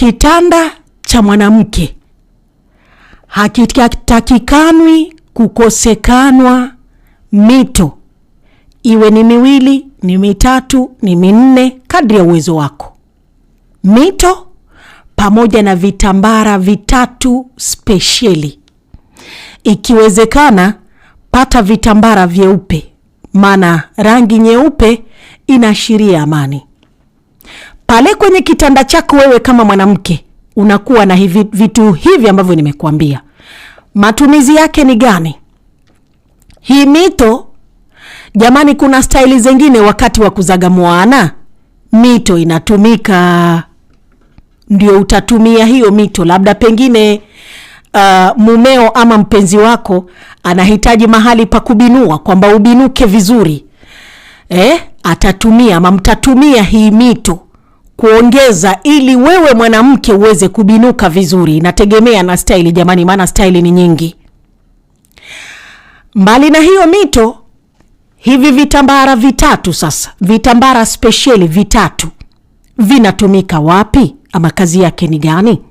Kitanda cha mwanamke hakitakikanwi kukosekanwa mito, iwe ni miwili, ni mitatu, ni minne, kadri ya uwezo wako. Mito pamoja na vitambara vitatu spesheli. Ikiwezekana pata vitambara vyeupe, maana rangi nyeupe inaashiria amani pale kwenye kitanda chako wewe kama mwanamke unakuwa na hivi, vitu hivi ambavyo nimekuambia. Matumizi yake ni gani? Hii mito jamani, kuna staili zingine wakati wa kuzaga mwana mito inatumika, ndio utatumia hiyo mito. Labda pengine uh, mumeo ama mpenzi wako anahitaji mahali pa kubinua, kwamba ubinuke vizuri eh, atatumia ama mtatumia hii mito kuongeza ili wewe mwanamke uweze kubinuka vizuri. Inategemea na staili jamani, maana staili ni nyingi. Mbali na hiyo mito, hivi vitambara vitatu sasa, vitambara spesheli vitatu vinatumika wapi ama kazi yake ni gani?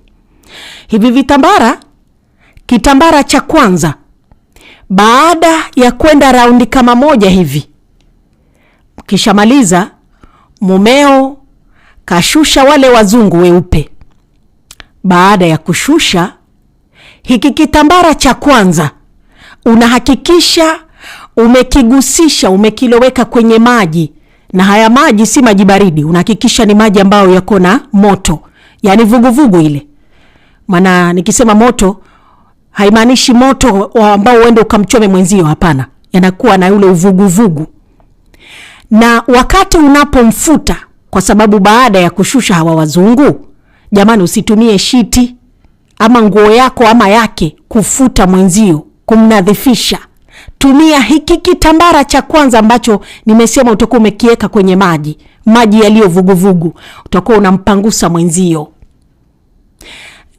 Hivi vitambara, kitambara cha kwanza, baada ya kwenda raundi kama moja hivi, kishamaliza mumeo kashusha wale wazungu weupe. Baada ya kushusha hiki kitambara cha kwanza, unahakikisha umekigusisha, umekiloweka kwenye maji, na haya maji si maji baridi, unahakikisha ni maji ambayo yako na moto, yaani vuguvugu ile. Maana nikisema moto haimaanishi moto ambao uende ukamchome mwenzio, hapana, yanakuwa na ule uvuguvugu, na wakati unapomfuta kwa sababu baada ya kushusha hawa wazungu, jamani, usitumie shiti ama nguo yako ama yake kufuta mwenzio, kumnadhifisha. Tumia hiki kitambara cha kwanza ambacho nimesema utakuwa umekiweka kwenye maji maji vuguvugu utakuwa unampangusa mwenzio,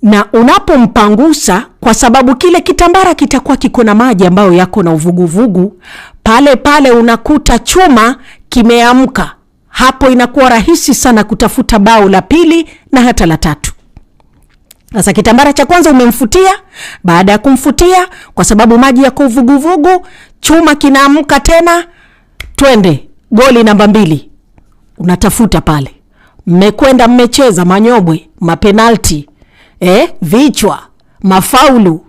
na unapompangusa, kwa sababu kile kitambara kitakuwa kiko na maji ambayo yako na uvuguvugu, pale pale unakuta chuma kimeamka hapo inakuwa rahisi sana kutafuta bao la pili na hata la tatu. Sasa kitambara cha kwanza umemfutia. Baada ya kumfutia, kwa sababu maji yako vuguvugu, chuma kinaamka tena, twende goli namba mbili. Unatafuta pale, mmekwenda mmecheza manyobwe, mapenalti, eh, vichwa, mafaulu,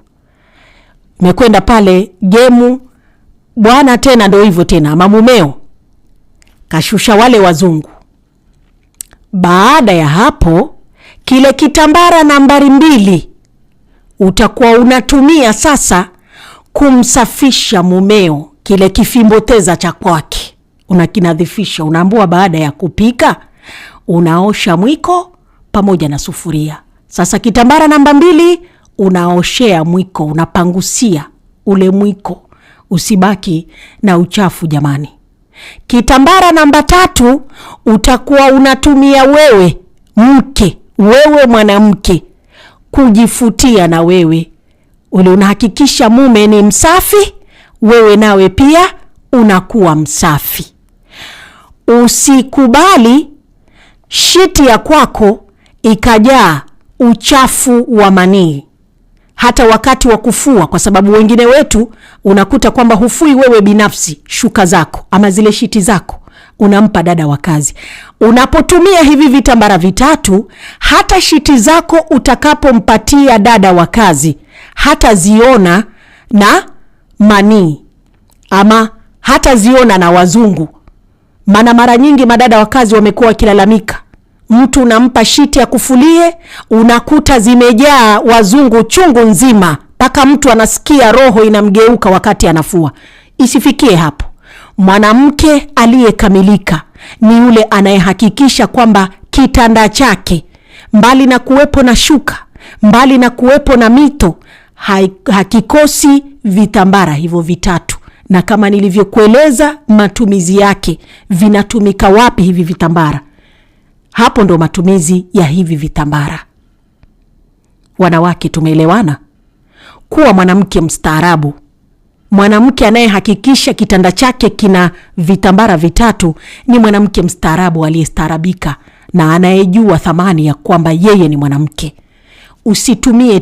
mmekwenda pale gemu bwana, tena ndo hivyo tena, mamumeo kashusha wale wazungu. Baada ya hapo, kile kitambara nambari mbili utakuwa unatumia sasa kumsafisha mumeo, kile kifimboteza cha kwake unakinadhifisha. Unaambua baada ya kupika unaosha mwiko pamoja na sufuria. Sasa kitambara namba mbili unaoshea mwiko, unapangusia ule mwiko usibaki na uchafu jamani. Kitambara namba tatu utakuwa unatumia wewe mke, wewe mwanamke kujifutia na wewe ule, unahakikisha mume ni msafi, wewe nawe pia unakuwa msafi. Usikubali shiti ya kwako ikajaa uchafu wa manii hata wakati wa kufua, kwa sababu wengine wetu unakuta kwamba hufui wewe binafsi shuka zako ama zile shiti zako unampa dada wa kazi. Unapotumia hivi vitambara vitatu, hata shiti zako utakapompatia dada wa kazi hataziona na manii ama hataziona na wazungu, maana mara nyingi madada wa kazi wamekuwa wakilalamika mtu unampa shiti ya kufulie, unakuta zimejaa wazungu chungu nzima, mpaka mtu anasikia roho inamgeuka wakati anafua. Isifikie hapo. Mwanamke aliyekamilika ni yule anayehakikisha kwamba kitanda chake, mbali na kuwepo na shuka, mbali na kuwepo na mito, hakikosi vitambara hivyo vitatu na kama nilivyokueleza matumizi yake, vinatumika wapi hivi vitambara? Hapo ndo matumizi ya hivi vitambara. Wanawake tumeelewana kuwa mwanamke mstaarabu, mwanamke anayehakikisha kitanda chake kina vitambara vitatu, ni mwanamke mstaarabu aliyestaarabika na anayejua thamani ya kwamba yeye ni mwanamke. Usitumie